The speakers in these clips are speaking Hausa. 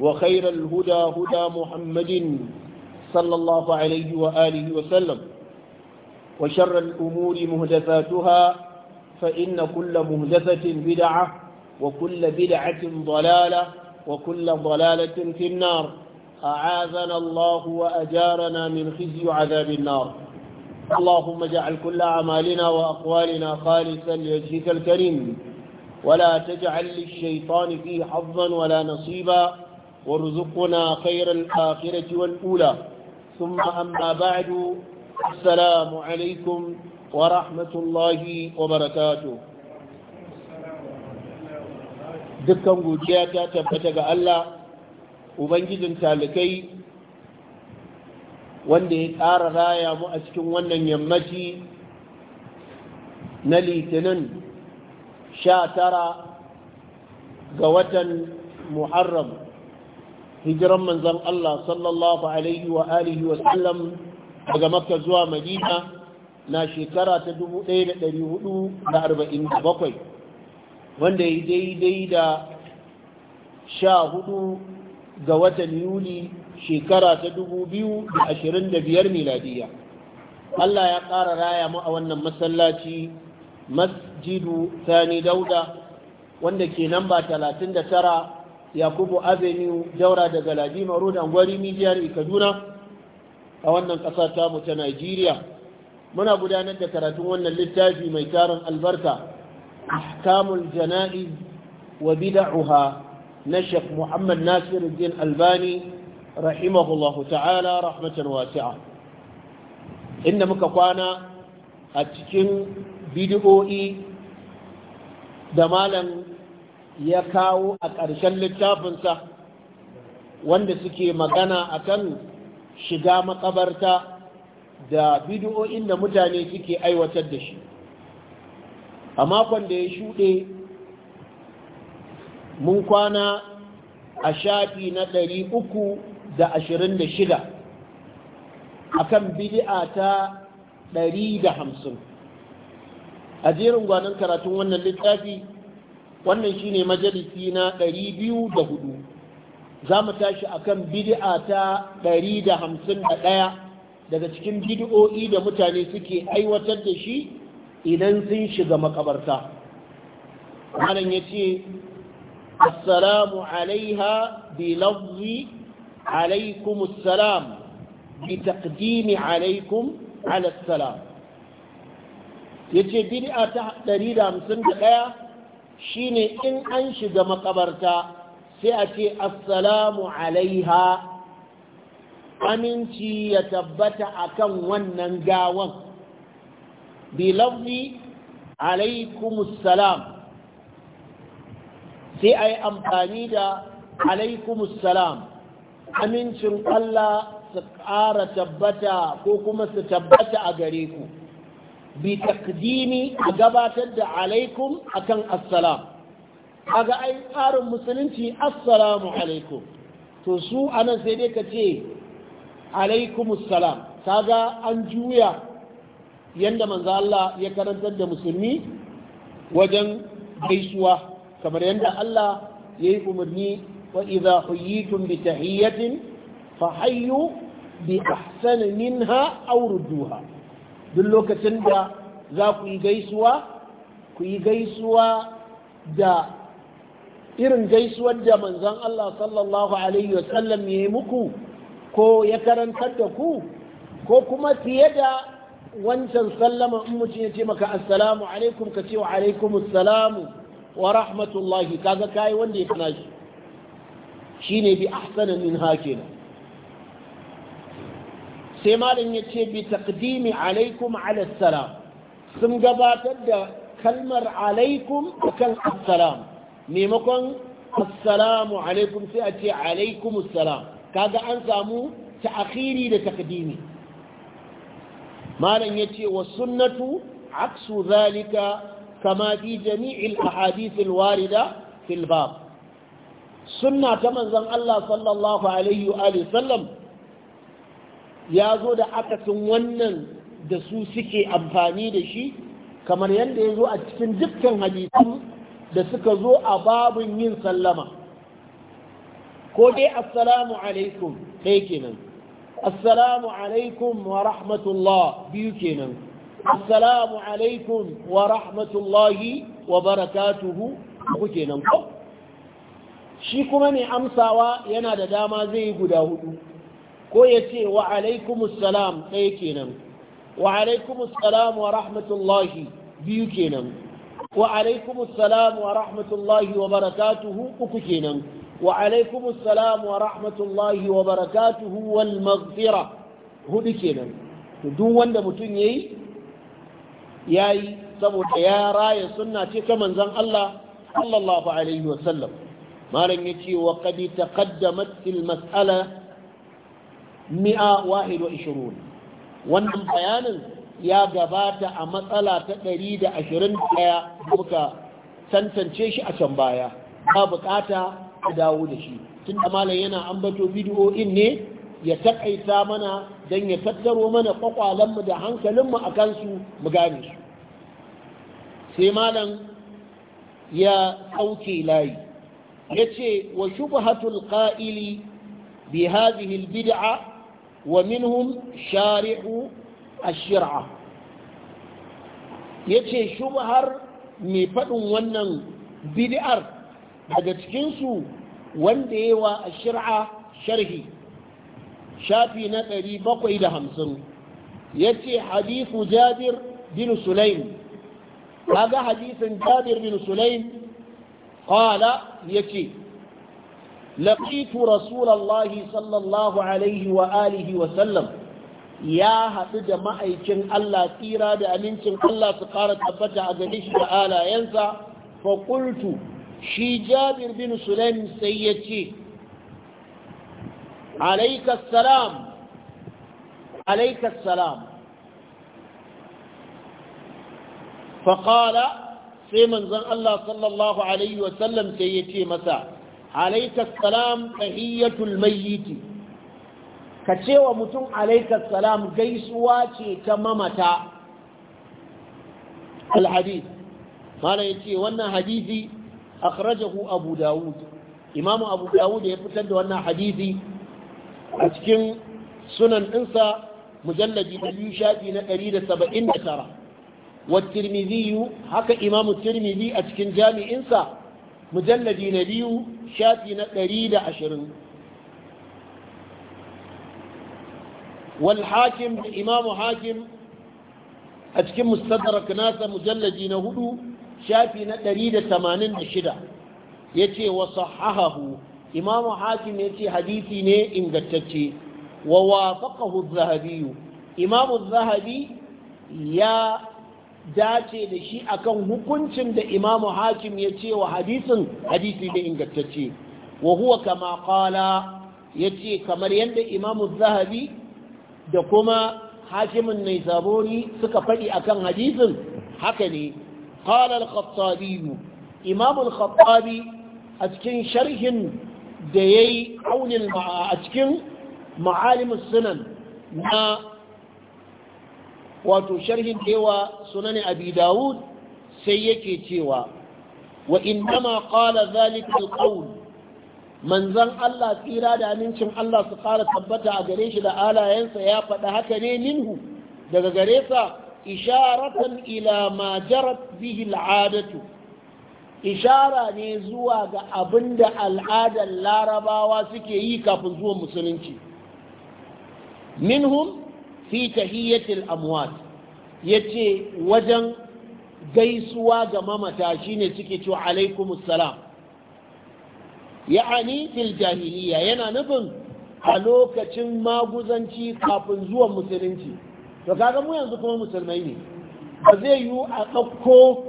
وخير الهدى هدى محمد صلى الله عليه وآله وسلم وشر الأمور مهدفاتها فإن كل مهدفة بدعة وكل بدعة ضلالة وكل ضلالة في النار أعاذنا الله وأجارنا من خزي عذاب النار اللهم اجعل كل أعمالنا وأقوالنا خالصا لوجهك الكريم ولا تجعل للشيطان فيه حظا ولا نصيبا وارزقنا خير الآخرة والأولى ثم أما بعد السلام عليكم ورحمة الله وبركاته dukkan godiya ta tabbata ga Allah ubangijin talikai wanda ya ƙara raya mu a cikin wannan yammaci na litinin sha tara ga watan muharram hijiran manzan Allah sallallahu alaihi wa alihi wa sallam daga makka zuwa madina na shekara ta 1447 wanda ya daidai da sha hudu ga watan yuli shekara ta 2025 miladiya Allah ya ƙara raya mu a wannan masallaci masjidu sani dauda wanda ke namba 39 yakubu avenue jaura daga ladima road gwari mijiyar kaduna a wannan ƙasa tamu ta najeriya muna gudanar da karatun wannan littafi mai tarin albarka ahkamul jana'i wa bid'uha na Sheikh Muhammad din Albani rahimahullahu ta'ala rahmatan wasi'a inda muka kwana a cikin bidiyo'i da malam ya kawo a ƙarshen littafinsa wanda suke magana a kan shiga makabarta da bidiyo'in da mutane suke aiwatar da shi a makon da ya shuɗe mun kwana a shafi na ɗari uku da ashirin da shida a kan bidi'a ta ɗari da hamsin a jerin gwanon karatun wannan littafi wannan shi shine majalisi na 204 za mu tashi akan bid'a ta 151 daga cikin bid'o'i da mutane suke aiwatar da shi idan sun shiga makabarta malam ce, assalamu alaiha bi lafzi alaikum assalam bi taqdimi alaikum ala assalam ce bid'a ta 151 shine in an shiga makabarta sai a ce assalamu alaiha aminci ya tabbata akan wannan gawan bilafzi alaikumussalam sai a yi amfani da alaikumussalam amincin Allah su ƙara tabbata ko kuma su tabbata a gare ku bi takdimi a gabatar da alaikum akan assalam kaga ai tsarin musulunci assalamu alaikum to su anan sai dai ka ce alaikumussalam kaga an juya yanda manzo Allah ya karantar da musulmi wajen gaisuwa kamar yanda Allah yayi umarni wa idha huyitum bi tahiyatin fa hayyu bi ahsani minha aw rudduha duk lokacin da za ku yi gaisuwa ku yi gaisuwa da irin gaisuwar da manzon Allah sallallahu alaihi wasallam ya yi muku ko ya karantar da ku ko kuma fiye da wancan sallama in mutum ya ce maka assalamu alaikum ka ce wa alaikum assalamu wa rahmatullahi kaga kai wanda ya kana shi shine bi ahsana min hakina sai malam ya ce bi taqdimi alaikum ala salam sun gabatar da kalmar alaikum akan assalam maimakon assalamu alaikum sai a ce alaikum assalam kaga an samu ta'khiri da taqdimi malam ya ce wa sunnatu aksu zalika kama fi jami'il ahadith warida fil bab sunna ta manzon Allah sallallahu alaihi wa sallam ya zo da akasin wannan da su suke amfani da shi kamar yadda ya zo a cikin dukkan hadisu da suka zo a babin yin sallama ko dai assalamu alaikum ɗaya kenan assalamu alaikum wa rahmatullah biyu kenan assalamu alaikum wa rahmatullahi wa barakatuhu ku kenan ko shi kuma mai amsawa yana da dama zai yi guda hudu ko ya ce wa alaikumussalam ɗaya kenan wa alaikumussalam wa rahmatullahi biyu kenan wa alaikumussalam wa rahmatullahi wa barakatuhu uku kenan wa alaikumussalam wa rahmatullahi wa barakatuhu wal maghfira hudu kenan to duk wanda mutum yayi yayi saboda ya raya sunna ce ta manzon Allah sallallahu alaihi wa sallam malam yace wa qad taqaddamat fil mas'ala mi'a wahid wa ishirun wannan bayanin ya gabata a matsala ta ɗari da ashirin ɗaya muka tantance shi a can baya ba bukata a dawo da shi tun da malam yana ambato bidiyo'in ne ya taƙaita mana don ya tattaro mana kwakwalenmu da hankalinmu a kansu mu gane su sai malam ya sauke layi ya ce wa shubhatul qa'ili bi hadhihi al bid'a Wa ومنهم شارع الشرعة yace shubhar mai faɗin wannan bid'ar daga su wanda yawa a shir'a sharhi shafi na ɗari bakwai da 750 yace hadithu jabir bin sulaim kaga hadisin jabir bin sulaim qala yace لقيت رسول الله صلى الله عليه وآله وسلم يا حدد ما أيكن الله تيرا بأمينكن الله تقارة أبتع أدليش بآلا ينسى فقلت شي جابر بن سليم سيتي عليك السلام عليك السلام فقال سيمن زن الله صلى الله عليه وسلم سيتي مساء alaika salam tahiyyatul mayyiti ka cewa mutum alaika salam gaisuwa ce ta mamata alhadith mana yace wannan hadisi akhrajahu abu daud imamu abu daud ya fitar da wannan hadisi a cikin sunan dinsa mujalladi biyu shafi na 179 wa tirmidhi haka imamu tirmidhi a cikin jami'insa mujalladi na biyu shafi na 120 wal hakim da imamu hakim a cikin mustadarar nasa mujalladi na hudu shafi na 186 ya ce wa sahahahu imamu hakim ya ce hadisi ne ingantacce wa wafakahu zahabiyu imamu zahabi ya dace da shi akan hukuncin da imamu hakim ya ce wa hadisin hadisi da ingantacce wa huwa kama ya yace kamar yadda imamu zahabi da kuma hakimin mai naisaburi suka faɗi akan hadisin haka ne kalar al-khattabi imamu al-khattabi a cikin sharhin da yayi aunin a cikin ma'alimus sunan na wato sharhin dewa sunan abi dawud sai yake cewa wa innama qala zalika alqawl manzon Allah tsira da amincin Allah su fara tabbata a gare shi da alayensa ya faɗa haka ne minhu daga gare sa isharatan ila ma jarat bihi al'adatu ishara ne zuwa ga abinda al'adar larabawa suke yi kafin zuwan musulunci minhum fi tahiyyatil amwat yace wajen gaisuwa ga mamata shine suke cewa alaikumus salam ya'ani fil jahiliya yana nufin a lokacin maguzanci kafin zuwa musulunci to kaga mu yanzu kuma musulmai ne ba zai yi a ɗauko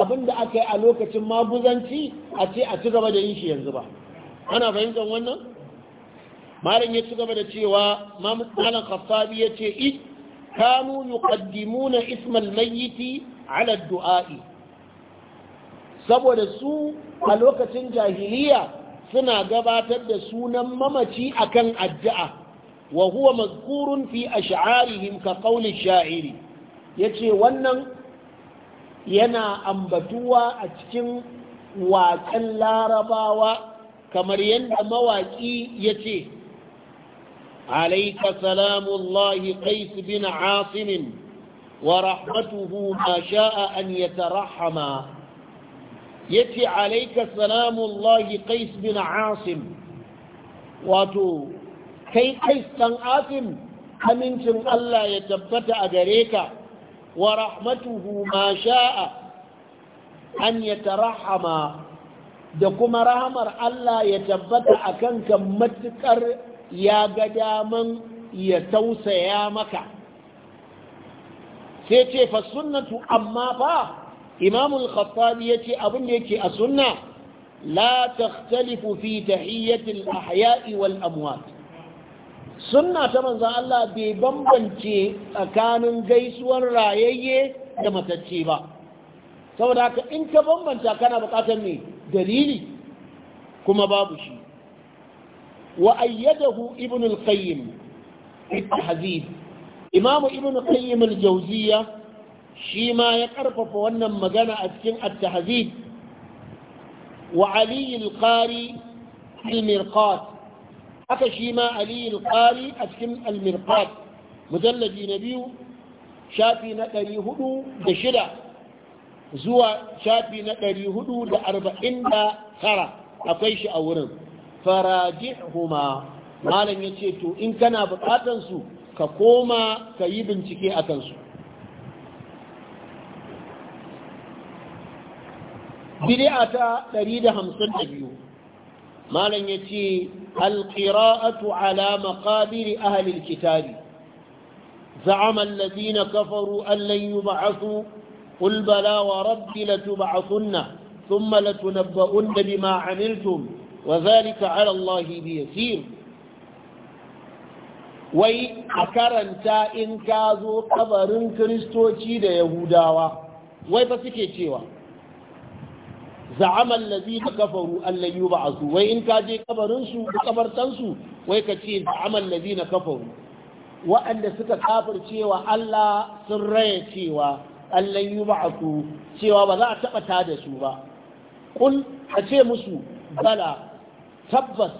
abin da aka yi a lokacin maguzanci a ce a ci gaba da yin shi yanzu ba ana fahimtar wannan malam ya ci gaba da cewa malam khaffabi ya ce i kanu yuqaddimuna ismal mayyiti ala du'a'i saboda su a lokacin jahiliya suna gabatar da sunan mamaci akan addu'a wa huwa mazkurun fi ash'arihim ka qawli sha'iri yace wannan yana ambatuwa a cikin waƙan larabawa kamar yadda mawaƙi ya ce عليك سلام الله قيس بن عاصم ورحمته ما شاء أن يترحما يتي عليك سلام الله قيس بن عاصم واتو كي قيس بن عاصم أمنتم ألا يتبت أدريك ورحمته ما شاء أن يترحما دكما رحمر ألا يتبت أكنك متكر ya ga daman ya tausaya maka sai ce fa sunnatu amma fa imamul khattabi yace abin da yake a sunna la takhtalifu fi tahiyyati al-ahya'i wal amwat sunna ta manzo Allah bai bambance tsakanin gaisuwar rayayye da matacce ba saboda haka in ka bambanta kana bukatar ne dalili kuma babu shi وأيده ابن القيم في التحذيب إمام ابن القيم الجوزية شيما يقرف فوانا مجانا أسكن التحذيب وعلي القاري المرقات haka shi ma aliyu alƙari a cikin almirqat mujallaji na biyu shafi na ɗari hudu da shida zuwa shafi na ɗari hudu da arba'in da tara akwai shi a wurin faraji huma malam ya ce to in kana buƙatansu ka koma ka yi bincike a kansu bidiya ta 152 malam ya ce alƙira'atu ala maƙabiri ahalil kitari za'amal ladina kafaru allan yub'athu qul bala wa rabbi latub'athunna thumma latunabba'un bima 'amiltum وذلك على الله wai a karanta in ka zo kabarin kiristoci da yahudawa wai ba suke cewa za'amal lazi da kafaru allai yi ba'asu wai in ka je kabarinsu da wai ka ce za'amal lazi na kafaru wa'anda suka kafar cewa allah sun raya cewa allai yi ba'asu cewa ba za a taɓa tada su ba kun a musu bala tabbas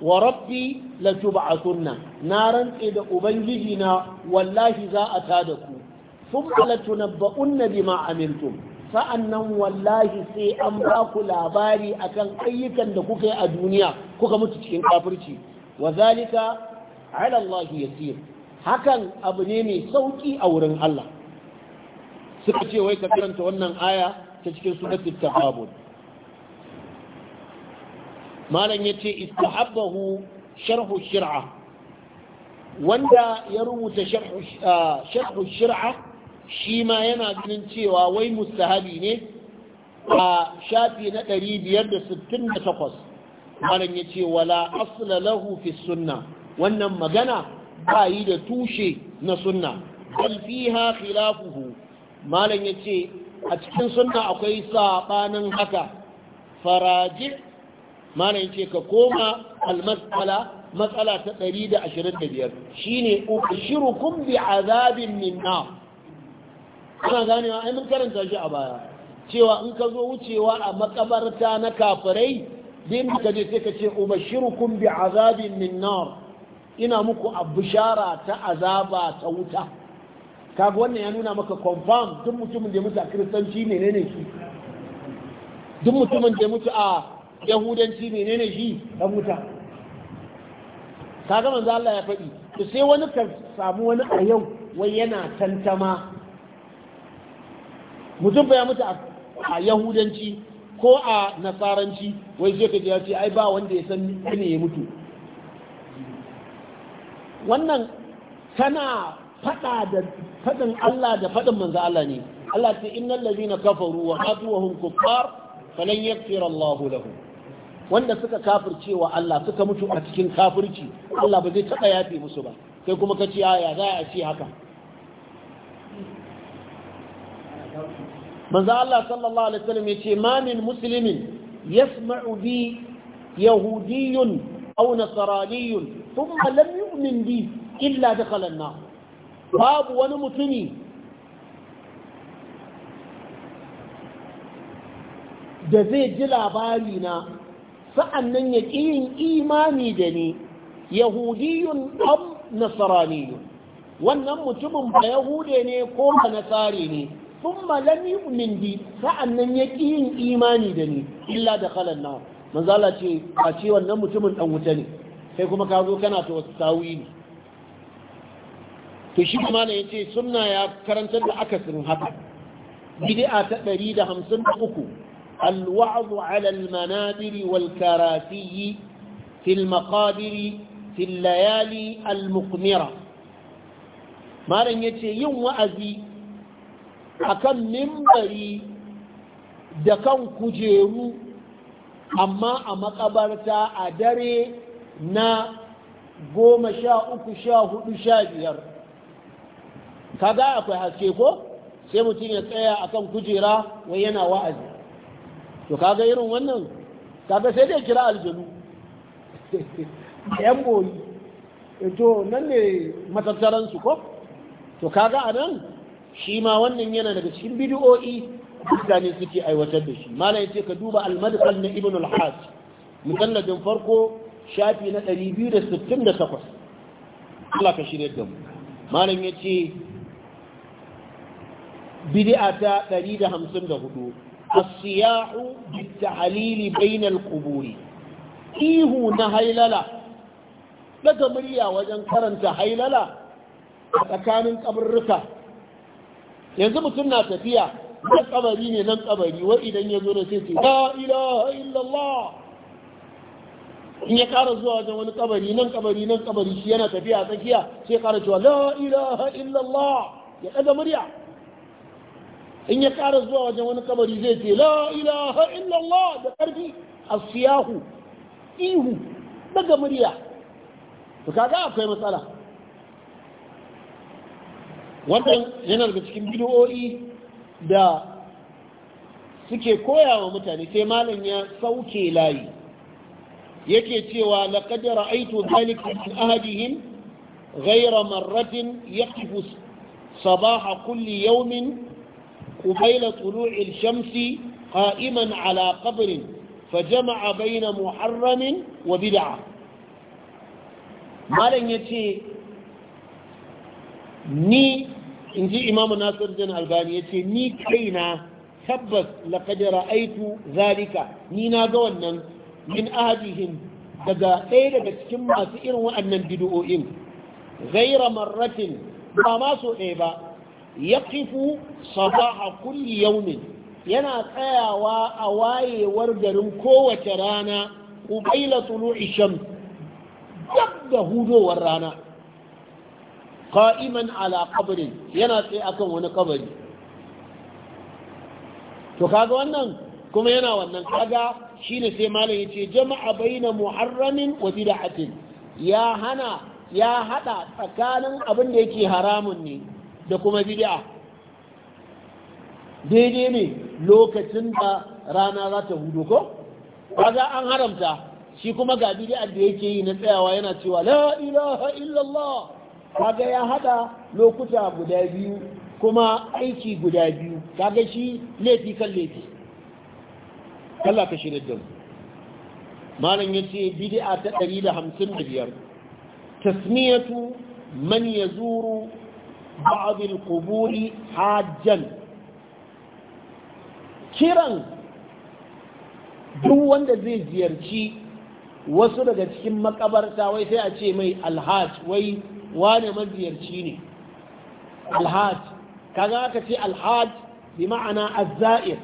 wa rabbi la tub'athunna na rantse da ubangiji na wallahi za a tada ku thumma la tunabba'unna bima amiltum sa'annan wallahi sai an ba ku labari akan ayyukan da kuka yi a duniya kuka mutu cikin kafirci wa zalika ala Allah yasir hakan abu ne mai sauki a wurin Allah suka ce wai ka karanta wannan aya ta cikin suratul tafabun malam yace istahabbahu sharhu shir'a wanda ya rubuta ah, sharhu shir'a shi ma yana ganin cewa wai mustahabi ne a shafi na 568 malam ce, wala asla lahu fi sunna wannan magana ba yi da tushe na sunna bal fiha khilafuhu malam yace a cikin sunna akwai sabanin haka faraji mana yace ka koma al-mas'ala matsala ta 125 shine ubshirukum bi'azabin min nar ana ganewa ai mun karanta shi a baya cewa in ka zo wucewa a makabarta na kafirai din ka je sai ka ce ubashirukum bi azabin min nar ina muku abushara ta azaba ta wuta kaga wannan ya nuna maka confirm duk mutumin da ya mutu a kristanci ne ne shi duk mutumin da ya mutu a yahudanci menene shi rabuta kaga manzo Allah ya faɗi to sai wani ka samu wani a yau wai yana tantama mutum ba ya mutu a yahudanci ko a nasaranci wai sai ka ce ai ba wanda ya san ne ya mutu wannan tana faɗa da faɗin Allah da faɗin manzo Allah ne Allah ce innal ladina kafaru wa matu kuffar falan yaghfir Allah lahum wanda suka kafirce wa Allah suka mutu a cikin kafirci Allah ba zai taɓa yafe musu ba sai kuma ka ce aya za a ce haka manzo Allah sallallahu alaihi wasallam yace ma min muslimin yasma'u bi yahudiyyun aw nasraniyyun thumma lam yu'min bi illa dakhala an-nar babu wani mutumi da zai ji labari na sa'annan ya ƙi yin imani da ni yahudiyun am nasaraniyun wannan mutumin ba yahude ne ko ba nasari ne sun lam bi sa'annan ya ƙi yin imani da ni illa da khalan na manzala ce a ce wannan mutumin ɗan wuta ne sai kuma ka zo kana ta ne. to shi kuma ne yace sunna ya karantar da akasin haka bid'a ta 153 الوعظ على المنابر والكراسي في المقابر في الليالي المقمرة ما لن يتشيون وأزي أكم منبري دكان كجيرو أما أما قبرتا أدري نا goma sha uku sha hudu sha biyar kaga akwai haske ko sai mutum ya tsaya akan kujera wai yana wa'azi to kaga irin wannan kaga sai dai kira aljanu yan boyi eh, to nan ne matattaran su ko to kaga nan shi ma wannan yana daga cikin bidiyo'i mutane suke aiwatar da shi mala yace ka duba al-madkhal na ibn al-hajj mujalladin farko shafi na 268 Allah ka shirye da mu malam yace bid'a ta 154 الصياح بالتعليل بين القبور إيه نهيللا لك مريا وجن karanta هيللا tsakanin kabarruka yanzu mutum na tafiya na kabari ne nan kabari wa idan ya zo da sai la ilaha illallah in ya kara zuwa wajen wani kabari nan kabari nan kabari shi yana tafiya a tsakiya sai kara la ilaha illallah ya ɗaga murya in ya ƙara zuwa wajen wani kabari zai ce la ilaha illallah da ƙarfi a siyahu ihu daga murya to kaga akwai matsala wannan yana daga cikin bidiyo'i da suke koya wa mutane sai malam ya sauke layi yake cewa laqad ra'aytu dhalika min ahadihim ghayra marratin yaqifu sabaha kulli yawmin قبيل طلوع الشمس قائما على قبر فجمع بين محرم وبدعة مالن يتي ني انجي إمام ناصر الدين الباني يتي ني كينا tabbas laƙad ra'aitu zalika ni na ga wannan min ahadihim daga ɗaya daga cikin masu irin waɗannan bid'o'in ghaira marratin ba ma so ɗaya ba yaqifu sabaha kulli yaumin, yana tsayawa a wayewar garin kowace rana qubayla tulu'i isham duk da hudowar rana qa'iman ala qabrin yana tsaye akan wani kabari to kaga wannan kuma yana wannan kaga shine sai malam yace jama'a baina muharramin wa bid'atin ya hana ya hada tsakanin abin da yake haramun ne da kuma bid'a daidai ne lokacin da rana za ta hudu ko kaga an haramta shi kuma ga bid'a da yake yi na tsayawa yana cewa la ilaha illallah kaga ya hada lokuta guda biyu kuma aiki guda biyu kaga shi laifi kan laifi Allah ka shirye da mu malam yace bid'a ta 155 tasmiyatu man yazuru ba'd al-qubur hajjan kiran duk wanda zai ziyarci wasu daga cikin makabarta wai sai a ce mai alhaj wai wane maziyarci ne alhaj kaga aka ce alhaj bi ma'ana azza'ir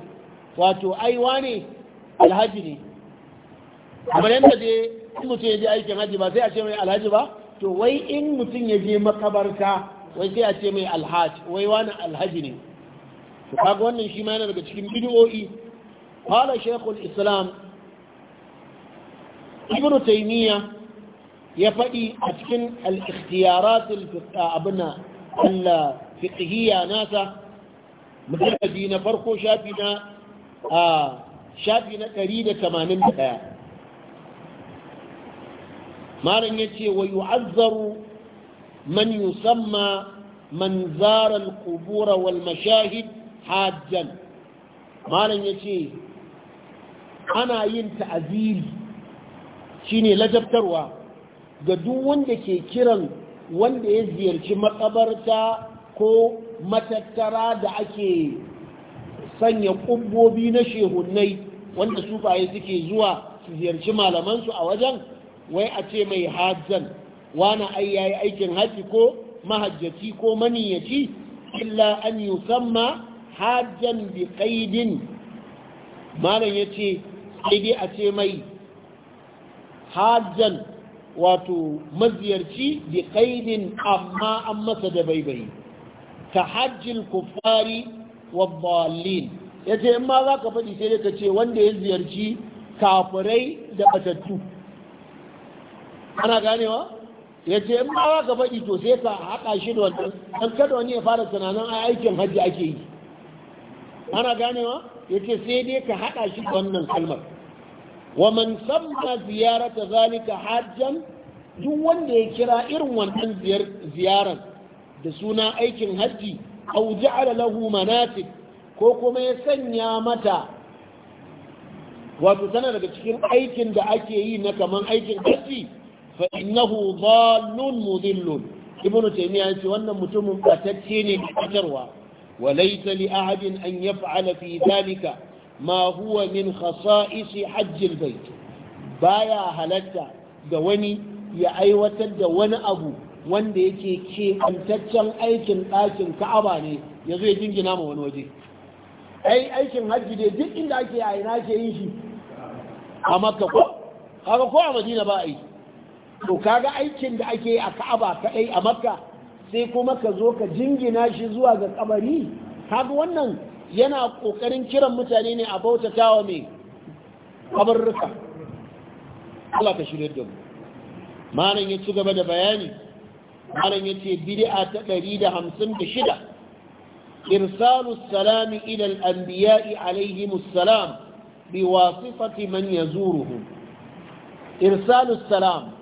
wato ai wane alhaji ne kamar yadda dai mutum ya je aikin haji ba sai a ce mai alhaji ba to wai in mutum ya je makabarta wai sai a ce mai alhaj wai wani alhaji ne to kaga wannan shi ma yana daga cikin bid'o'i qala shaykhul islam ibnu Taimiyya ya faɗi a cikin al-ikhtiyarat abuna al nasa mujalladi na farko shafi na shafi na 181 malam yace wa yu'azzaru man yusamma man zara mashahid hajan. malam yace ana yin ta'aziri shine lajabtarwa ga duk wanda ke kiran wanda ya ziyarci makabarta ko matattara da ake sanya ƙubbobi na shehunnai wanda sufaye suke zuwa su ziyarci malamansu a wajen wai a ce mai hajan. wani ai yi aikin haji ko mahajjaci ko maniyyaci illa an yusamma hajjan bi qaidin malam yace sai dai a ce mai hajjan wato maziyarci bi amma an masa da baibayi ka wa kuffari ya yace in ma ka faɗi sai dai ka ce wanda ya ziyarci kafirai da batattu ana ganewa ya ce in ma ka faɗi to sai ka haɗa shi da wannan Don kada wani ya fara tunanin a aikin hajji ake yi ana ganewa ya ce sai dai ka haɗa shi da wannan kalmar wa man samma ziyarata zalika hajjan duk wanda ya kira irin wannan ziyarar da suna aikin hajji au ja'ala lahu manatik ko kuma ya sanya mata wato tana daga cikin aikin da ake yi na kaman aikin hajji fa innahu dhallun mudillun ibnu taymiya yace wannan mutumin batacce ne batarwa walaysa li ahadin an yaf'ala fi dhalika ma huwa min khasa'is hajj albayt baya halatta ga wani ya aiwatar da wani abu wanda yake keɓantaccen aikin ɗakin ka'aba ne ya zo ya jingina ma wani waje ai aikin hajji dai duk inda ake a ina ke yin shi a makka ko haka ko a madina ba a yi to kaga aikin da ake a ka'aba kaɗai a makka sai kuma ka zo ka jingina shi zuwa ga kabari kaga wannan yana ƙoƙarin kiran mutane ne a bautatawa mai kabarruka Allah ka shirya da mu malam ya ci gaba da bayani malam ya ce bid'a ta 156 irsalu salami ila al-anbiya'i alayhim assalam biwasifati man yazuruhu irsalu salam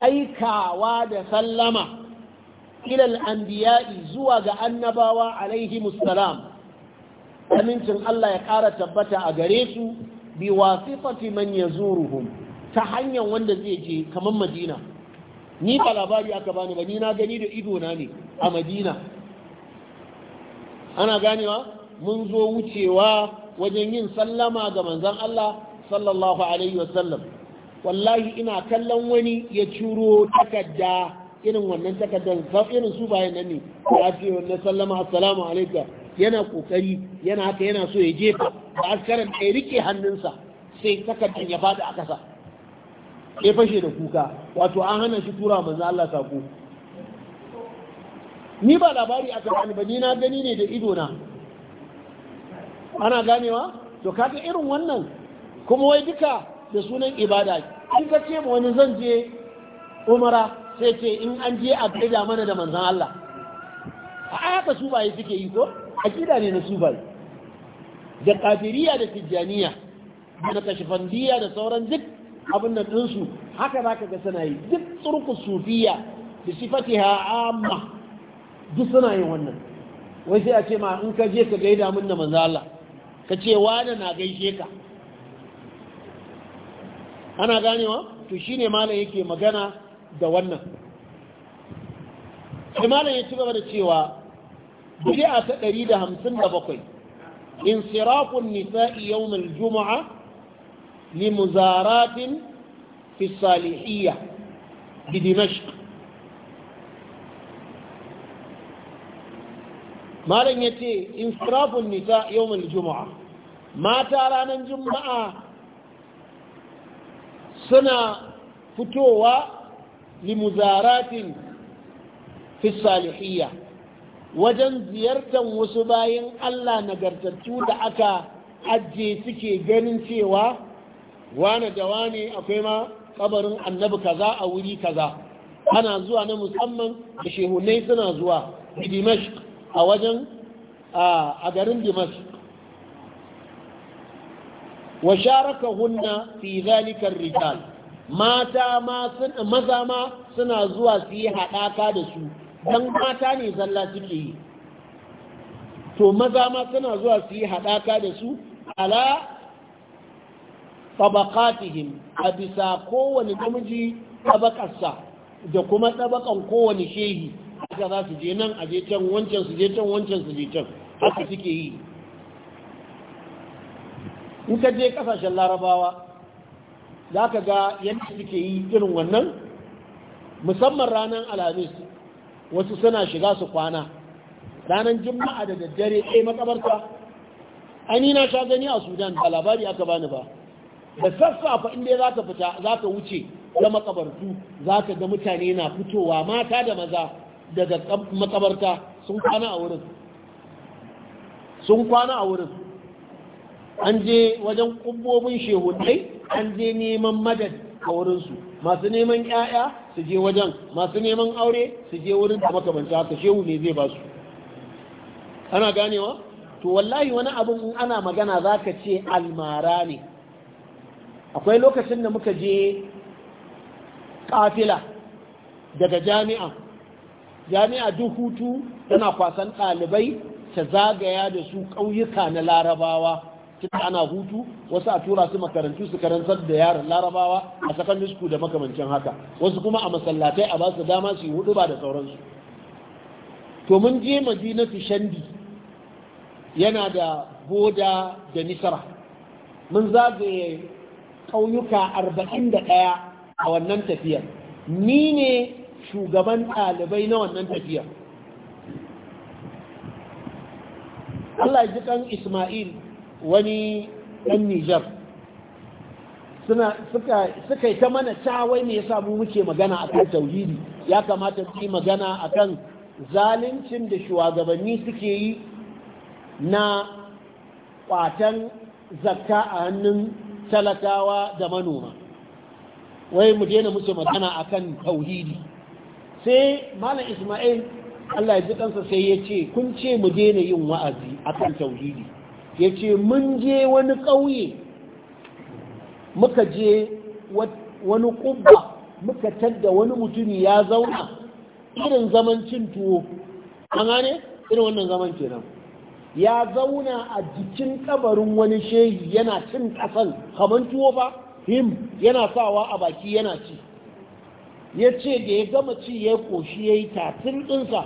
aikawa da sallama ilal anbiya'i zuwa ga annabawa alaihi musallam amincin Allah ya ƙara tabbata a gare su bi wasifati man yazuruhum ta hanyar wanda zai je kamar Madina ni ba labari aka bani ba ni na gani da ido na ne a Madina ana ganewa mun zo wucewa wajen yin sallama ga manzon Allah sallallahu alaihi wasallam wallahi ina kallon wani ya ciro takadda irin wannan takaddan. irin su bayan nan ne ya ce wannan sallama assalamu alaikum yana kokari yana haka yana so ya jefa da askaran da ya rike hannunsa sai takaddan ya fada a kasa ya fashe da kuka wato an hana shi tura manzo Allah sako ni ba labari a kan ba ni na gani ne da ido na ana ganewa to kaga irin wannan kuma wai duka da sunan ibada in ka ce ma wani zan je umara sai ce in an je a gaida mana da manzan Allah a aka su baye suke yi ko A akida ne na su baye da kafiriya da tijjaniya da na kashifandiya da sauran duk abin da ɗinsu haka za ka ga suna yi duk tsurku sufiya da sifati amma duk suna yin wannan wai sai a ce ma in ka je ka gaida min da manzan Allah ka ce wani na gaishe ka ana ganewa to shi shine malam yake magana da wannan sai malam ya ci gaba da cewa bid'a ta 157 insirafun nisa'i yawmal Juma'a li muzaratin fi salihiyya bi dimashq malam yace insirafun nisa' yawmal Juma'a mata ranar juma'a suna fitowa limuzaratin fi salihiyya wajen ziyartar wasu bayan Allah nagartattu da aka ajiye suke ganin cewa wane da wane akwai ma kabarin annabi kaza a wuri kaza ana zuwa na musamman da shehunai suna zuwa a wajen a garin dimashi wa hunna fi zalika rijal mata ma maza ma suna zuwa su yi hadaka da su dan mata ne zalla suke yi to maza ma suna zuwa su yi hadaka da su ala tabaqatihim a bisa kowane namiji tabakarsa da kuma tabakan kowane shehi haka za su je nan a je can wancan su je can wancan su je can haka suke yi in ka je kasashen larabawa za ka ga yadda suke yi irin wannan musamman ranar alhamis wasu suna shiga su kwana ranar juma'a da daddare ɗaya makabarta ani na sha gani a sudan da labari aka bani ba da sassafa inda za ka fita za ka wuce da makabartu za ka ga mutane na fitowa mata da maza daga makabarta sun kwana a wurin sun kwana a wurin an je wajen ƙubbobin shehunai an je neman madad a wurinsu masu neman ƴaƴa su je wajen masu neman aure su je wurin da makamanta haka shehu ne zai ba su ana ganewa to wallahi wani abin in ana magana za ka ce almara ne akwai lokacin da muka je kafila daga jami'a jami'a duk hutu tana kwasan ɗalibai ta zagaya da su ƙauyuka na larabawa tunda ana hutu wasu a tura su makarantu su karantar da yaran larabawa a secondary school da makamancin haka wasu kuma a masallatai a basu dama su yi hudu ba da sauransu to mun je madinatu shandi yana da boda da nisara mun zagaye ƙauyuka arba'in da ɗaya a wannan tafiyar ni ne shugaban ɗalibai na wannan tafiyar Allah ji kan Ismail wani ɗan Nijar suka yi ta mana cawai ne ya mu muke magana a kan tauhidi ya kamata su yi magana a kan zaluncin da shugabanni suke yi na ƙwatan zakka a hannun talakawa da manoma wai mu daina muke magana a kan tauhidi sai malam ismail Allah ya ji kansa sai ya ce kun ce mu daina yin wa'azi a kan tauhidi ya ce mun je wani ƙauye muka je wani ƙubba muka tadda wani mutumi ya zauna irin zaman tuwo an gane irin wannan zaman nan ya zauna a jikin ƙabarin wani shehi yana cin ƙasan kamar tuwo ba him yana sawa a baki yana ci ya ce da ya gama ci ya koshi ya yi tatin ɗinsa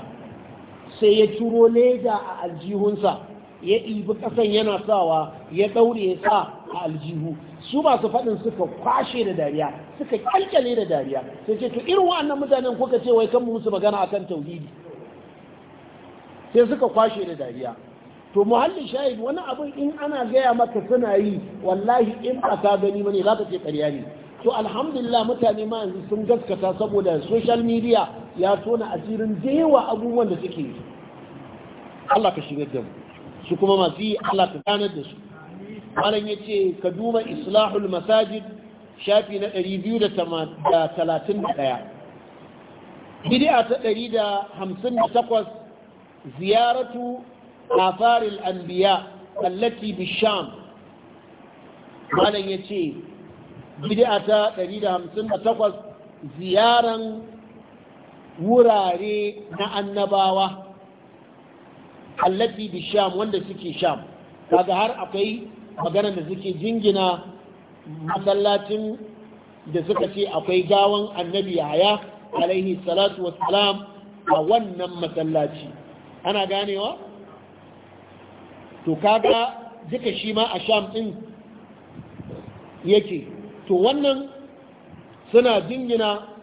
sai ya ciro leda a aljihunsa ya ɗibi ƙasan yana sawa ya ɗaure ya sa a aljihu su masu faɗin suka kwashe da dariya suka kyalkyale da dariya sai ce to irin wa'annan mutanen kuka ce wai kan musu magana akan tauhidi sai suka kwashe da dariya to muhallin shahid wani abin in ana gaya maka suna yi wallahi in ba ka gani bane za ka ce ƙarya ne to alhamdulillah mutane ma yanzu sun gaskata saboda social media ya tona asirin da yawa abubuwan da suke yi Allah ka shigar da mu su kuma masu yi Allah ka ganar da su malam ya ce ka duba islahul masajid shafi na 231 bid'a ta 158 ziyaratu afaril anbiya allati bisham malam ya ce bid'a ta 158 ziyaran wurare na annabawa allati bi sham wanda suke sham kaga har akwai magana da suke jingina masallacin da suka ce akwai gawan annabi yahaya alaihi salatu wassalam a wannan masallaci ana ganewa to kaga duka shi ma a sham din yake to wannan suna jingina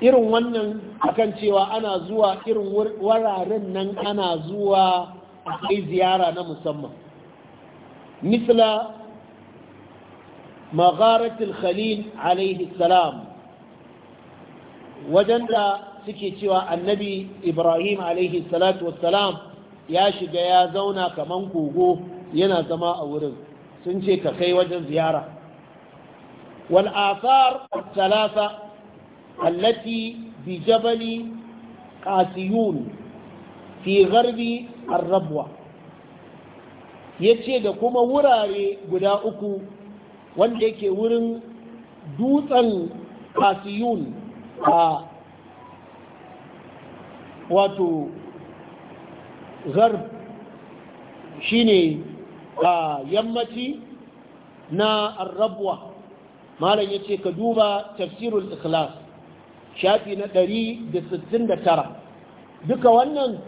irin wannan akan cewa ana zuwa irin wararen nan ana zuwa a kai ziyara na musamman misla magharatul khalil alaihi salam wajen da suke cewa annabi ibrahim alaihi salatu wassalam ya shiga ya zauna kaman kogo yana zama a wurin sun ce ka kai wajen ziyara Wal'asar talata التي بجبل قاسيون في غرب الربوة yace da kuma wurare guda uku wanda yake wurin dutsen kasiyun a wato garb shine a yammaci na arrabuwa malam yace ka duba tafsirul ikhlas shafi na ɗari da da sittin tara. duka wannan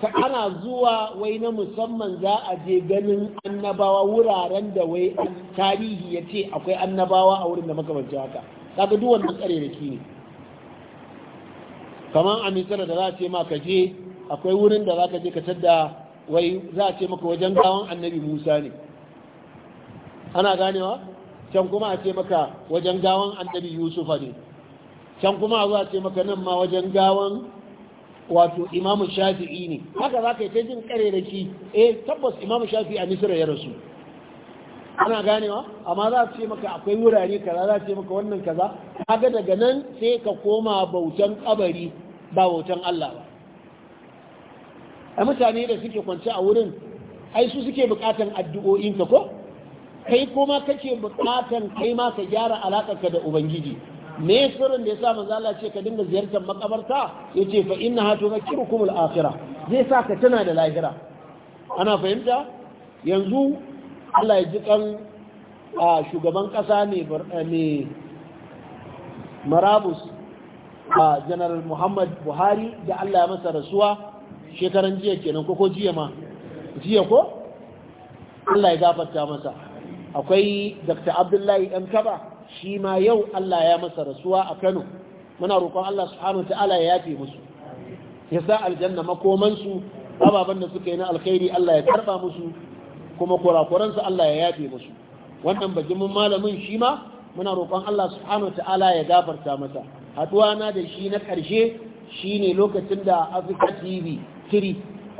ta ana zuwa wai na musamman za a je ganin annabawa wuraren da wai tarihi ya ce akwai annabawa a wurin da makamancin haka kaga duk tsare da ne kamar a misira da za a ce ma je akwai wurin da za ka je ka tadda wai za a ce maka wajen gawan annabi musa ne ana ganewa can kuma a ce maka wajen gawan annabi yusufa ne can kuma za ce maka nan ma wajen gawan wato imamu shafi'i ne haka za ka yi ta jin kare da ki eh, tabbas imamu shafi'i a misira ya rasu ana ganewa amma za ce maka akwai wurare kaza za ce maka wannan kaza haka daga nan sai ka koma bautan kabari ba bautan Allah ba a mutane da suke kwance a wurin ai su suke bukatan addu'o'inka ko kai kuma kake bukatan kai ma ka gyara alakarka da ubangiji me sirrin da yasa manzo Allah ce ka dinga ziyartar makabarta yace fa innaha zakirukum al-akhirah zai sa ka tana da lahira ana fahimta yanzu Allah ya ji kan shugaban kasa ne eh, ne marabus a general Muhammad Buhari da Allah ya masa rasuwa shekaran jiya kenan ko ko jiya ma jiya ko Allah ya gafarta masa akwai Dr. Abdullahi ɗan kaba shi ma yau Allah ya masa rasuwa a Kano muna roƙon Allah subhanahu ta'ala ya yafe musu ya sa aljanna makoman su da suka yi na alkhairi Allah ya karba musu kuma kurakuran su Allah ya yafe musu wannan mun malamin shi ma muna roƙon Allah subhanahu ta'ala ya gafarta masa haduwa na da shi na ƙarshe shine lokacin da Africa TV 3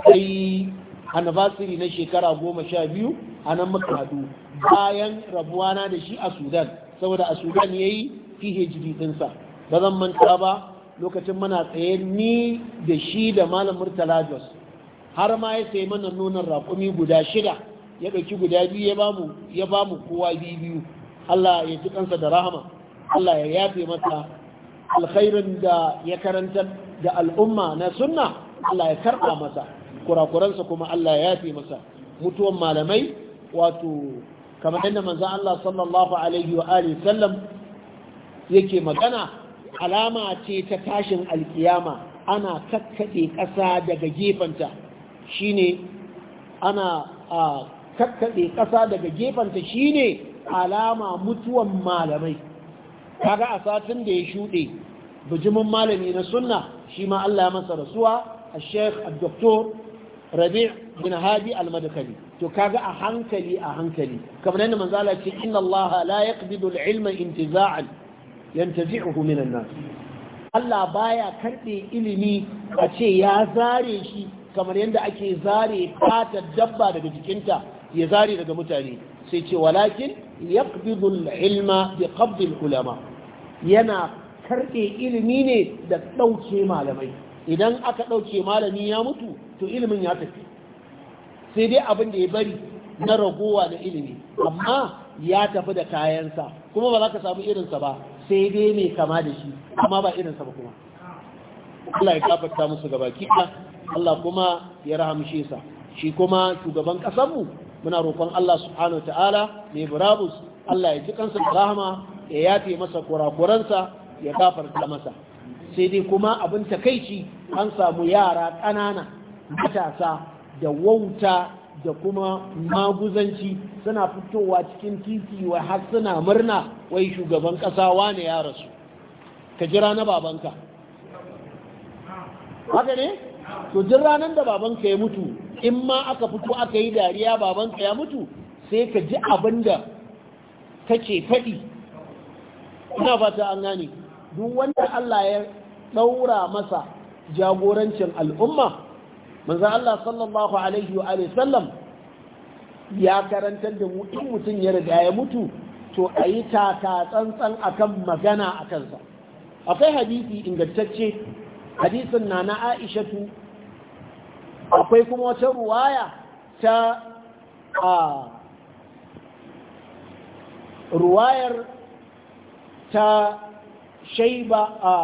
sai anniversary na shekara goma sha biyu a nan muka haɗu bayan rabuwana da shi a Sudan saboda a sudan ya yi fiye ɗinsa ba zan manta ba lokacin mana tsaye ni da shi da malam murtala jos har ma ya sayi mana nonon raƙumi guda shida ya ɗauki guda biyu ya bamu mu kowa biyu biyu Allah ya ci kansa da rahama Allah ya yafe masa alkhairin da ya karantar da al'umma na sunna Allah ya karɓa masa kurakuransa kuma Allah ya yafe masa mutuwan malamai wato kamar yadda manzon Allah sallallahu alaihi wa sallam yake magana alama ce ta tashin alkiyama ana kakkaɗe ƙasa daga gefanta shine ana a kakkaɗe ƙasa daga gefanta shine alama mutuwan malamai kaga a satin da ya shuɗe bijimin malami na sunna shi ma Allah ya masa rasuwa a sheikh al-doktor rabi' Ina hadi al-madkhali to kaga a hankali a hankali kamar yadda manzo Allah ce inna Allah la yaqbidu al-ilma intiza'an yantazi'uhu min an-nas Allah baya karbe ilimi a ce ya zare shi kamar yadda ake zare fata dabba daga jikinta ya zare daga mutane sai ce walakin yaqbidu al-ilma bi qabd al-ulama yana karbe ilimi ne da dauke malamai idan aka dauke malami ya mutu to ilimin ya tafi sai dai abin da ya bari na ragowa na ilimi amma ya tafi da kayansa kuma ba za ka samu irinsa ba sai dai mai kama da shi amma ba irinsa ba kuma Allah ya kafarta musu gaba kika Allah kuma ya rahamshe sa shi kuma shugaban mu muna roƙon Allah subhanahu ta'ala mai burabus Allah ya ji kansa da rahama ya yafe masa kurakuransa ya kafarta masa sai dai kuma abin takaici an samu yara ƙanana matasa da wauta da kuma maguzanci suna fitowa cikin titi wa har suna murna wai shugaban ƙasa wane ya rasu ka jira na babanka haka ne? to jin ranar da babanka ya mutu in ma aka fito aka yi dariya babanka ya mutu sai ka ji abin da kake faɗi ina fata an gane duk wanda Allah ya ɗaura masa jagorancin al'umma manzan Allah sallallahu alaihi wa sallam ya karantar da mu in mutum ya riga ya mutu to a yi taka tsantsan akan magana a kansa akwai hadisi ingantacce hadisin na na aishatu akwai kuma wata ruwaya ta a ruwayar ta shaiba a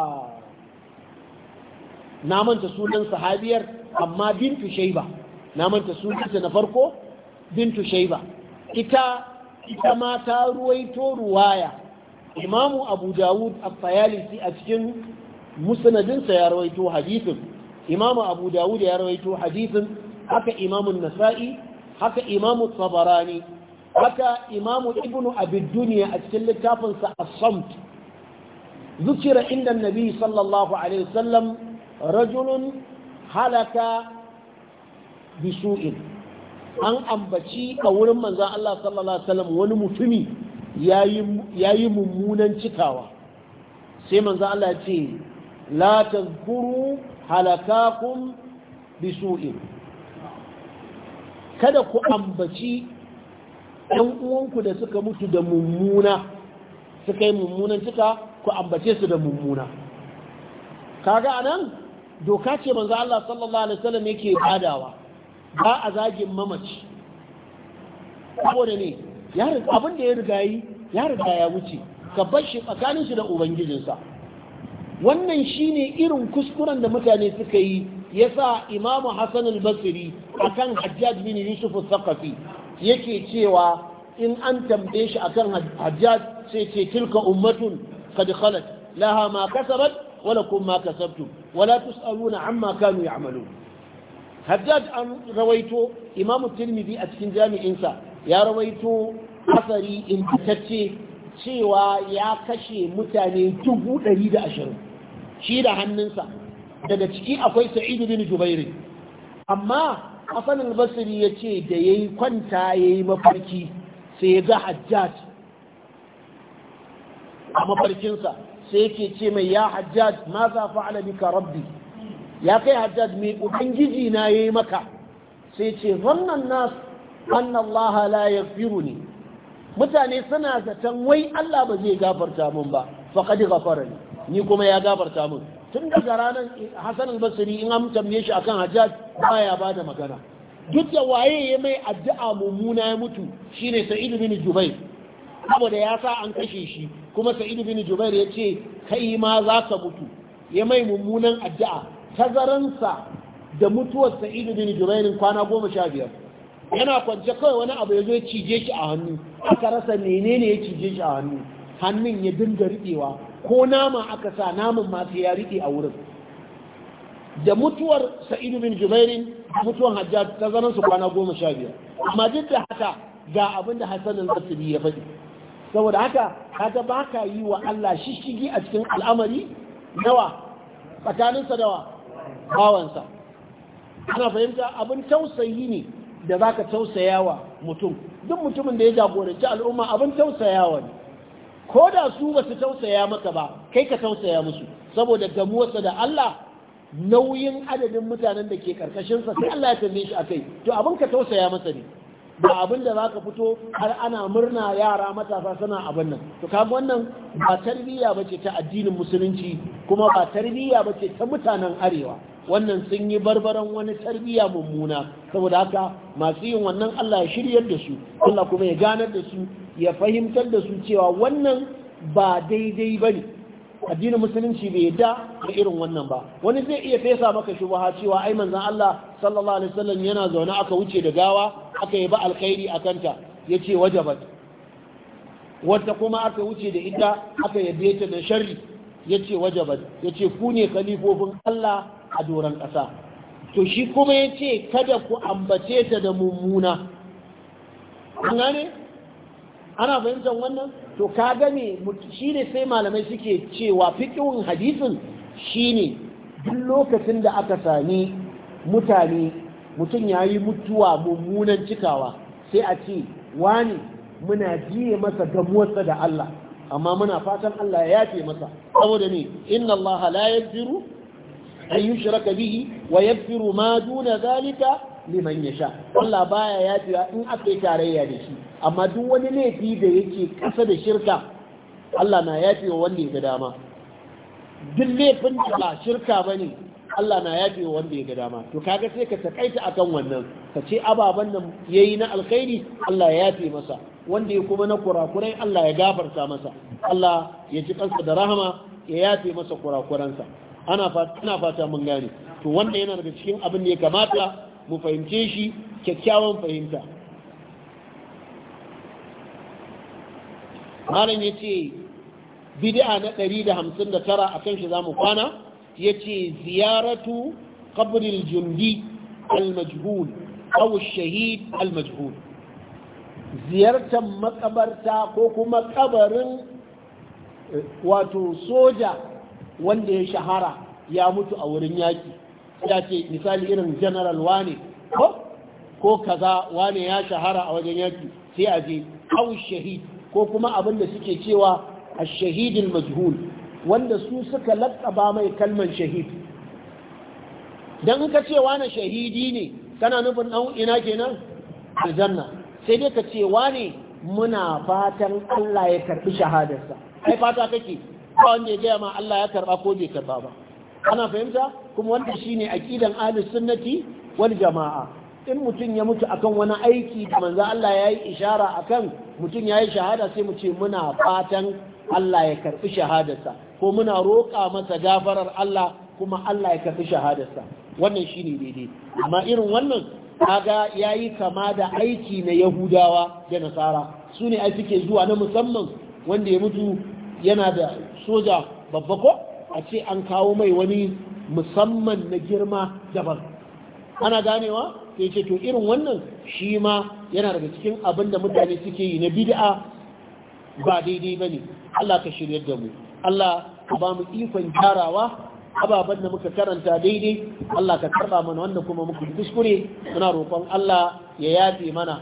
namanta sunan sahabiyar amma bintu shaiba na manta sunanta na farko bintu shaiba ita ita ma ta ruwaito ruwaya imamu abu dawud al-fayalisi a cikin musnadinsa ya rawaito hadithin imamu abu dawud ya rawaito hadithin haka imamu nasa'i haka imamu Sabarani, haka imamu ibnu abid duniya a cikin littafinsa a samt ذكر عند النبي صلى الله عليه وسلم halaka su'in an ambaci a wurin manzan Allah sallallahu Alaihi wasallam wani mutumi ya yi mummunan cikawa sai manzan Allah ce la tazkuru bi su'in kada ku ambaci ɗan uwanku da suka mutu da mummuna suka yi mummunan cika ku ambace su da mummuna kaga anan doka ce manzo Allah sallallahu alaihi wasallam yake badawa ba a zagin mamaci saboda ne ya abin da ya riga yi ya riga ya wuce ka bar shi tsakanin shi da ubangijinsa wannan shine irin kuskuren da mutane suka yi yasa imamu Hassan al-Basri akan Hajjaj bin Yusuf al-Thaqafi yake cewa in an tambaye shi akan Hajjaj sai ce tilka ummatun qad khalat laha ma kasabat ولكم ما كسبتم ولا تسألون عما كانوا يعملون هداد أن رويته إمام الترمذي أتكن جامع إنسا يا رويته أثري إن تتشي cewa ya kashe mutane dubu ɗari da ashirin shi da hannunsa daga ciki akwai sa'idu bin jubairu amma hasan al ya ce da ya yi kwanta ya yi mafarki sai ya ga hajjaj a mafarkinsa sai yake ce mai ya hajjaj ma za fa'ala bika rabbi ya kai hajjaj mai ubangiji na yayi maka sai ce wannan nas anna Allah la yaghfiruni mutane suna zaton wai Allah ba zai gafarta mun ba faqad ghafarani ni kuma ya gafarta min tun daga ranar Hassan al-Basri in an tambaye shi akan hajjaj baya bada magana duk da waye ya mai addu'a mummuna ya mutu shine Sa'id bin Jubair saboda ya sa an kashe shi kuma Sa'idu bin jubair ya ce kai ma za ka mutu ya mai mummunan addu'a tazaransa da mutuwar sa'id bin jubair kwana goma sha biyar yana kwance kawai wani abu ya zo ya cije shi a hannu aka rasa menene ya cije shi a hannu hannun ya dinga riɗewa ko nama aka sa naman masu ya riɗe a wurin da mutuwar sa'idu bin jubairin mutuwar hajja ta zaransa kwana goma sha biyar amma duk da haka ga abin da hassanin zafiri ya faɗi saboda haka kaga ba ka yi wa Allah shishigi a cikin al'amari nawa tsakaninsa dawa bawansa ana fahimta abin tausayi ne da za ka tausayawa mutum duk mutumin da ya jagoranci al'umma abin tausayawa ne ko da su ba su tausaya maka ba kai ka tausaya musu saboda gamuwarsa da Allah nauyin adadin mutanen da ke karkashinsa sai Allah ya tambaye shi akai to abin ka tausaya masa ne ba abin da za ka fito har ana murna yara matasa suna abin nan to kaga wannan ba tarbiyya ba ce ta addinin musulunci kuma ba tarbiyya ba ce ta mutanen arewa wannan sun yi barbaran wani tarbiyya mummuna saboda haka masu yin wannan Allah ya shiryar da su Allah kuma ya ganar da su ya fahimtar da su cewa wannan ba daidai ba ne addinin musulunci bai yadda da irin wannan ba wani zai iya fesa maka shubha cewa ai manzon Allah sallallahu alaihi wasallam yana zaune aka wuce da gawa aka yi ba alkhairi akan ta yace wajabat wata kuma aka wuce da ita aka yabe ta da sharri yace wajabat yace ku ne khalifofin Allah a doran ƙasa to shi kuma yace kada ku ambace ta da mummuna an ana fahimtar wannan to ka gane shi ne sai malamai suke cewa fiƙin hadisin ne. duk lokacin da aka sami mutane mutum ya yi mutuwa mummunan cikawa sai a ce wani muna jiye masa gamuwarsa da Allah amma muna fatan Allah ya yafe masa saboda ne inna Allah la yaghfiru an yushraka bihi wa yaghfiru ma duna zalika liman ya sha Allah baya yafiwa in aka yi tarayya da shi amma duk wani laifi da yake kasa da shirka Allah na yafewa wanda ya ga dama duk laifin da ba shirka bane Allah na yafe wanda ya ga dama to kaga sai ka takaita akan wannan ka ce ababen nan yayi na alkhairi Allah ya yafe masa wanda ya kuma na kurakurai Allah ya gafarta masa Allah ya ji kansa da rahama ya yafe masa kurakuransa ana fata mun gane to wanda yana daga cikin abin da ya kamata mu fahimce shi kyakkyawan fahimta malam ya ce bid'a na 159 a kan shi za mu kwana ya ce ziyaratu kabril jundi al-majhul aw shahid al-majhul ziyartar makabarta ko kuma kabarin eh, wato soja wanda ya shahara ya mutu a wurin yaki ya ce misali irin general wane ko kaza wane ya shahara a wajen yaki sai a je au shahid ko kuma abin da suke cewa a shahidin majhul wanda su suka laƙaba mai kalman shahid don ka ce wane shahidi ne kana nufin ɗan ina kenan aljanna sai dai ka ce wane muna fatan Allah ya karɓi shahadarsa ai fata kake ba wanda ya gaya ma Allah ya karɓa ko bai karɓa ba ana fahimta kuma wanda shine aqidan ahlus sunnati wal jamaa in mutum ya mutu akan wani aiki da manzo Allah ya yi ishara akan mutum ya yi shahada sai mu ce muna fatan Allah ya karɓi shahadarsa ko muna roƙa masa gafarar Allah kuma Allah ya karɓi shahadarsa wannan shine daidai amma irin wannan kaga yayi kama da aiki na Yahudawa da Nasara su ne ai suke zuwa na musamman wanda ya mutu yana da soja babba ko a ce an kawo mai wani musamman na girma daban ana ganewa sai ce to irin wannan shi ma yana daga cikin abin da mutane suke yi na bid'a ba daidai ba ne. Allah ka shiryar da mu Allah ka ba mu ikon gyarawa ababen da muka karanta daidai Allah ka karba mana wanda kuma muka kuskure muna roƙon Allah ya yafe mana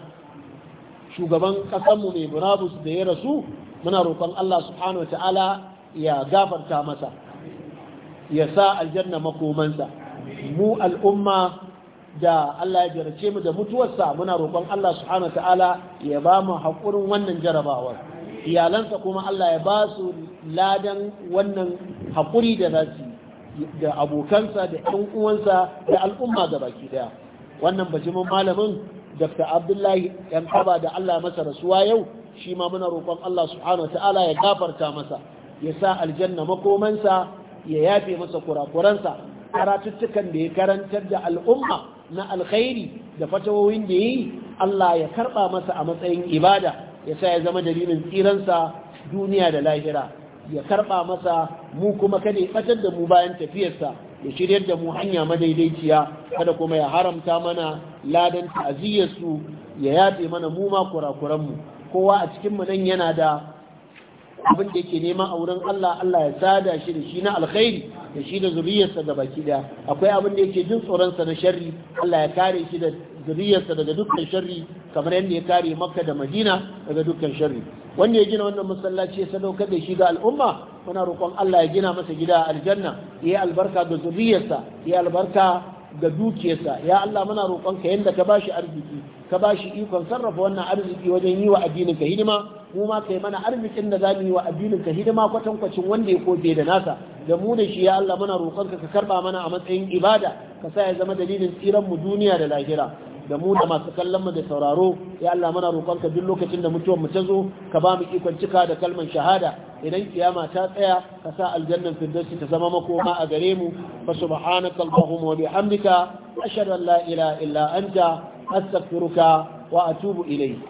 shugaban ƙasarmu mai murabus da ya rasu muna roƙon Allah subhanahu wa ta'ala ya gafarta masa ya sa aljanna makomansa mu al'umma da Allah ya jarace mu da mutuwarsa muna roƙon Allah subhanahu ta'ala ya ba mu haƙurin wannan jarabawar iyalansa kuma Allah ya ba su ladan wannan haƙuri da za da abokansa da ƴan uwansa da al'umma ga baki daya wannan bajimin malamin Dr. Abdullahi yan kaba da Allah masa rasuwa yau shi ma muna roƙon Allah subhanahu ta'ala ya gafarta masa ya sa aljanna makomansa ya yafe masa kurakuransa karatuttukan da ya karantar da al'umma na alkhairi da fatawoyin da yi Allah ya karba masa a matsayin ibada ya sa ya zama dalilin tsiransa duniya da lahira ya karba masa mu kuma kada ya da mu bayan tafiyarsa ya shiryar da mu hanya madaidaiciya kada kuma ya haramta mana ladan ta'aziyarsu ya yafe mana mu ma kurakuranmu kowa a cikin mu nan yana da abin da yake nema a wurin Allah Allah ya sada shi da shi na alkhairi da shi da zuriyarsa da baki daya akwai abin da yake jin tsoronsa na sharri Allah ya kare shi da zuriyarsa daga dukkan sharri kamar yadda ya kare Makka da Madina daga dukkan sharri wanda ya gina wannan masallaci ya sadaukar da shi ga al'umma muna roƙon Allah ya gina masa gida a aljanna ya albarka ga zuriyarsa ya albarka ga dukiyarsa ya Allah muna roƙon ka yanda ka bashi arziki ka bashi ikon sarrafa wannan arziki wajen yi wa addinin ka hidima mu ma kai mana arzikin da zamu yi wa addinin ka hidima kwatankwacin wanda ya kofe da nasa da mu da shi ya Allah muna roƙonka ka karba mana a matsayin ibada ka sa ya zama dalilin tsiran mu duniya da lahira da mu da masu kallon mu da sauraro ya Allah muna roƙonka duk lokacin da mutuwar mu ta zo ka ba mu ikon cika da kalman shahada idan kiyama ta tsaya ka sa aljannan firdausi ta zama makoma a gare mu fa subhanaka allahumma wa bihamdika ashhadu an la ilaha illa anta astaghfiruka wa atubu ilayk